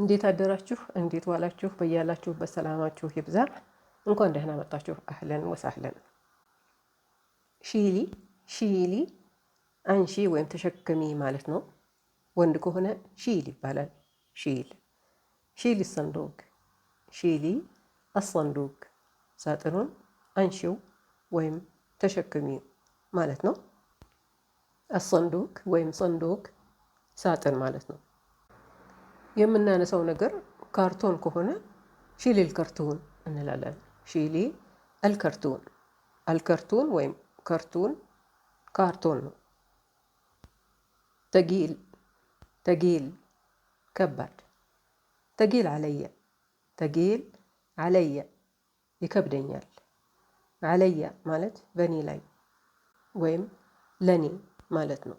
እንዴት አደራችሁ? እንዴት ዋላችሁ? በያላችሁበት ሰላማችሁ ይብዛ። እንኳን ደህና መጣችሁ። አህለን ወሳህለን። ሺሊ ሺሊ አንሺ ወይም ተሸከሚ ማለት ነው። ወንድ ከሆነ ሺል ይባላል። ሺል ሺል ሰንዶግ ሺሊ አሰንዶግ ሳጥኑን አንሺው ወይም ተሸከሚ ማለት ነው። አሰንዶግ ወይም ሰንዶግ ሳጥን ማለት ነው። የምናነሳው ነገር ካርቶን ከሆነ ሺሊ ልከርቱን እንላለን። ሺሊ አልከርቱን አልከርቱን ወይም ከርቱን ካርቶን ነው። ተጊል ተጊል ከባድ ተጊል አለየ ተጊል አለየ ይከብደኛል። አለየ ማለት በእኔ ላይ ወይም ለኔ ማለት ነው።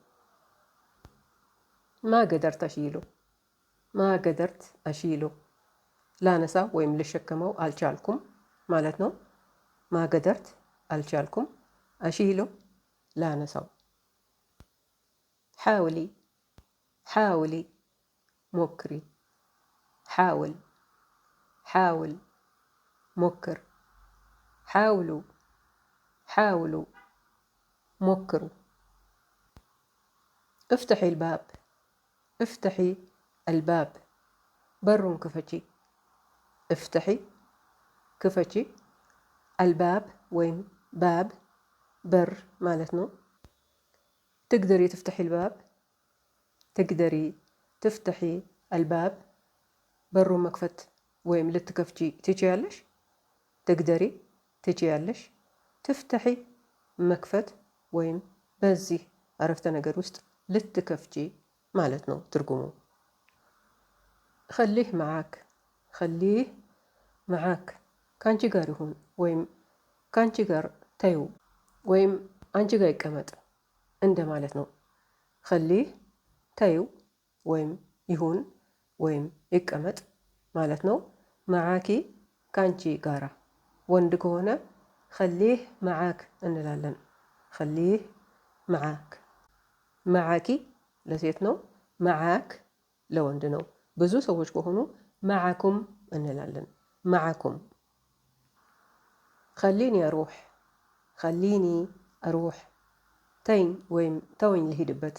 ማ ገደር ተሺሉ ما قدرت أشيله لا نسى ويم لشكمو ألشالكم مالتنا ما قدرت ألشالكم أشيله لا نسى حاولي حاولي مكري حاول حاول مكر حاولوا حاولوا مكروا افتحي الباب افتحي الباب برون كفتشي افتحي كفتشي الباب وين باب بر مالتنو تقدري تفتحي الباب تقدري تفتحي الباب برو مكفت وين لتكفجي تجي علش تقدري تجي علش تفتحي مكفت وين بزي عرفت انا قروست لتكفجي مالتنو ترقمو ከሊህ መዓክ ከሊህ መዓክ ከአንቺ ጋር ይሁን ወይም ከአንቺ ጋር ተዩ ወይም አንቺ ጋር ይቀመጥ እንደ ማለት ነው። ከሊህ ተዩ ወይም ይሁን ወይም ይቀመጥ ማለት ነው። መዓኪ ከአንቺ ጋራ ወንድ ከሆነ ከሊህ መዓክ እንላለን። ከሊህ መዓክ መዓኪ ለሴት ነው። መዓክ ለወንድ ነው። ብዙ ሰዎች ከሆኑ መዓኩም እንላለን። መዓኩም ከሊኒ አሩሕ ከሊኒ አሩሕ ተይኝ ወይም ተወኝ ልሂድበት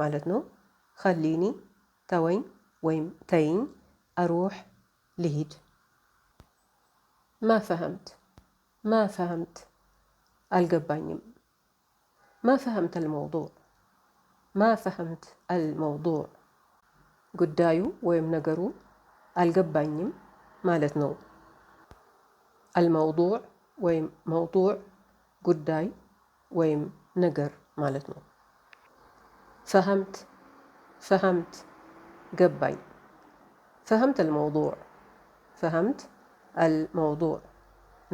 ማለት ነው። ከሊኒ ተወኝ ወይም ተይኝ አሩሕ ልሂድ። ማ ፈሀምት ማ ፈሀምት አልገባኝም። ማ ፈሀምት አልመውዱዕ ማ ፈሀምት አልመውዱዕ ጉዳዩ ወይም ነገሩ አልገባኝም ማለት ነው። አልመውዱዕ ወይም መውዱዕ ጉዳይ ወይም ነገር ማለት ነው። ፈሀምት ፈሀምት ገባኝ። ፈሀምት አልመውዱዕ ፈሀምት አልመውዱዕ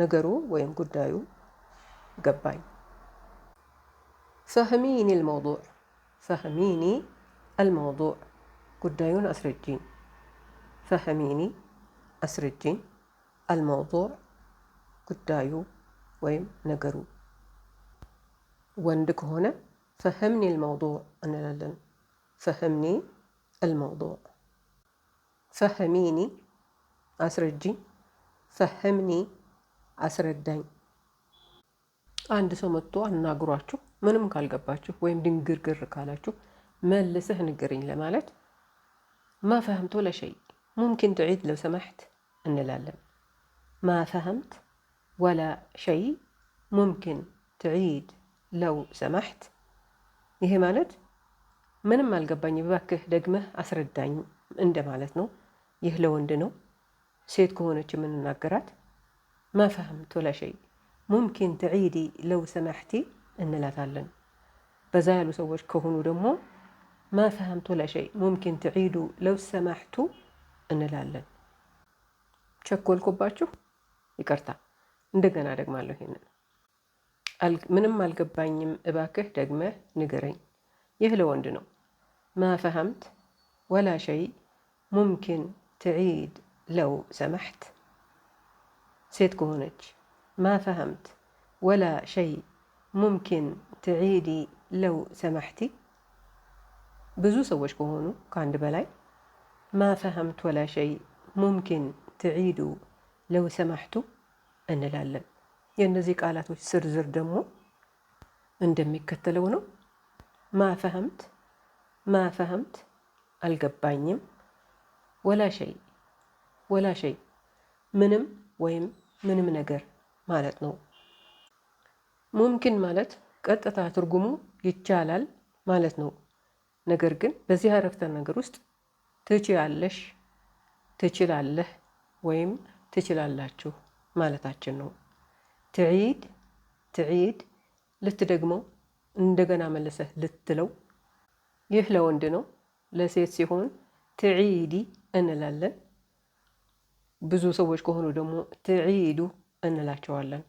ነገሩ ወይም ጉዳዩ ገባኝ። ፈህሚኒ አልመውዱዕ ፈህሚኒ አልመውዱዕ ጉዳዩን አስረጅኝ፣ ፈህሚኒ አስረጅኝ፣ አልመውዱዕ ጉዳዩ ወይም ነገሩ። ወንድ ከሆነ ፈህምኒ አልመውዱዕ እንላለን። ፈህምኒ አልመውዱዕ። ፈህሚኒ አስረጅኝ፣ ፈህምኒ አስረዳኝ። አንድ ሰው መጥቶ አናግሯችሁ ምንም ካልገባችሁ ወይም ድንግርግር ካላችሁ መልሰህ ንገረኝ ለማለት ما فهمت ولا شيء ممكن تعيد لو سمحت أن لا لالم ما فهمت ولا شيء ممكن تعيد لو سمحت إيه مالت من ما القباني بباكه دقمه أسر الدين عنده مالتنو يهلو عندنو سيد كونت من النقرات ما فهمت ولا شيء ممكن تعيدي لو سمحتي أن لا تعلن بزايل وسويش كهونو دمو ما فهمت ولا شيء ممكن تعيدوا لو سمحتوا እንላለን። ቸኮልኩባችሁ፣ ይቅርታ። እንደገና ደግማለሁ። ይሄንን ምንም አልገባኝም፣ እባክህ ደግመህ ንገረኝ። ይህ ለወንድ ነው። ማፈሀምት ወላ ሸይ ሙምኪን ትዒድ ለው ሰማሕት። ሴት ከሆነች ማፈሀምት ወላ ሸይ ሙምኪን ትዒዲ ለው ሰማሕቲ ብዙ ሰዎች ከሆኑ ከአንድ በላይ ማ ወላ ሸይ ሙምኪን ትዒዱ ለው ሰማሕቱ እንላለን። የእነዚህ ቃላቶች ዝርዝር ደግሞ እንደሚከተለው ነው። ማ ፈሀምት ማ አልገባኝም። ወላ ሸይ ወላ ሸይ ምንም ወይም ምንም ነገር ማለት ነው። ሙምኪን ማለት ቀጥታ ትርጉሙ ይቻላል ማለት ነው። ነገር ግን በዚህ አረፍተ ነገር ውስጥ ትችያለሽ፣ ትችላለህ ወይም ትችላላችሁ ማለታችን ነው። ትዒድ ትዒድ ልትደግመው እንደገና መለሰህ ልትለው። ይህ ለወንድ ነው። ለሴት ሲሆን ትዒዲ እንላለን። ብዙ ሰዎች ከሆኑ ደግሞ ትዒዱ እንላቸዋለን።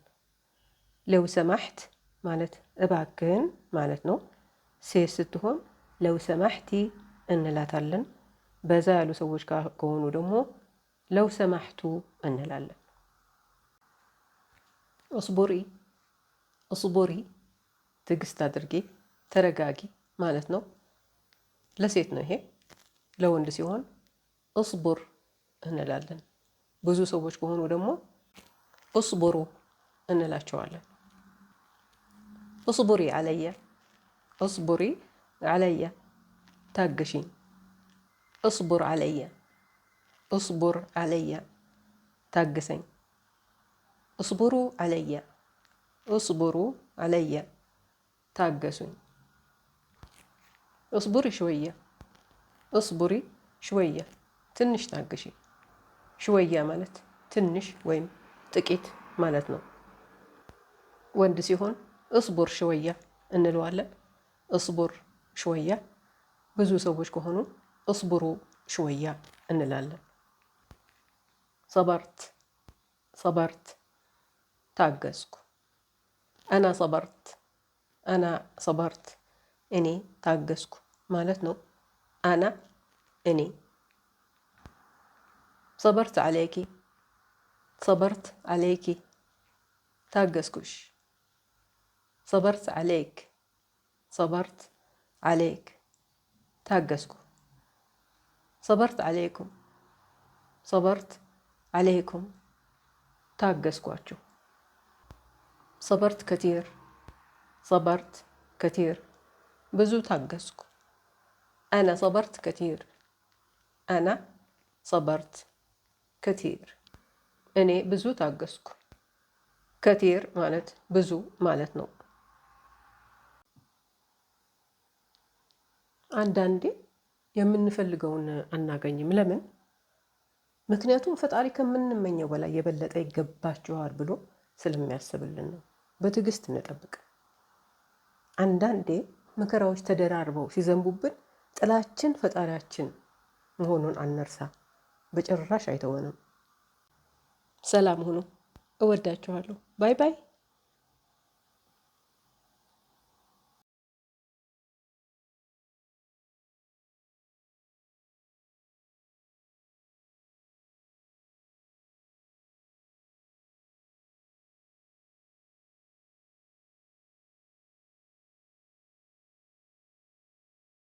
ለው ሰማሕት ማለት እባክህን ማለት ነው። ሴት ስትሆን ለው ሰማሕቲ እንላታለን። በዛ ያሉ ሰዎች ከሆኑ ደግሞ ለው ሰማሕቱ እንላለን። እስቡሪ እስቡሪ ትዕግስት አድርጌ ተረጋጊ ማለት ነው። ለሴት ነው ይሄ። ለወንድ ሲሆን እስቡር እንላለን። ብዙ ሰዎች ከሆኑ ደግሞ እስቡሩ እንላቸዋለን። እስቡሪ አለየ እስቡሪ ዓለየ ታገሺኝ፣ እስቡር ዓለየ እስቡር ዓለየ ታግሰኝ፣ እስቡሩ ዓለየ እስቡሩ ዓለየ ታገሱኝ፣ እስቡሪ ሽወየ እስቡሪ ሽወየ ትንሽ ታግሺ። ሽወያ ማለት ትንሽ ወይም ጥቂት ማለት ነው። ወንድ ሲሆን እስቡር ሽወያ እንለዋለን። እስቡር شوية بزو سوش كهونو اصبروا شوية ان لال صبرت صبرت تاقزكو انا صبرت انا صبرت اني تاقزكو مالتنو انا اني صبرت عليكي صبرت عليكي تاقزكوش صبرت عليك صبرت አሌክ ታገስኩ። ሰበርት አሌይኩም ሰበርት አሌይኩም ታገስኳችሁ። ሰበርት ከቲር ሰበርት ከቲር ብዙ ታገስኩ። አነ ሰበርት ከቲር አና ሰበርት ከቲር እኔ ብዙ ታገስኩ። ከቲር ማለት ብዙ ማለት ነው። አንዳንዴ የምንፈልገውን አናገኝም። ለምን? ምክንያቱም ፈጣሪ ከምንመኘው በላይ የበለጠ ይገባችኋል ብሎ ስለሚያስብልን ነው። በትዕግስት እንጠብቅ። አንዳንዴ መከራዎች ተደራርበው ሲዘንቡብን ጥላችን ፈጣሪያችን መሆኑን አንርሳ። በጭራሽ አይተወንም። ሰላም ሁኑ። እወዳችኋለሁ። ባይ ባይ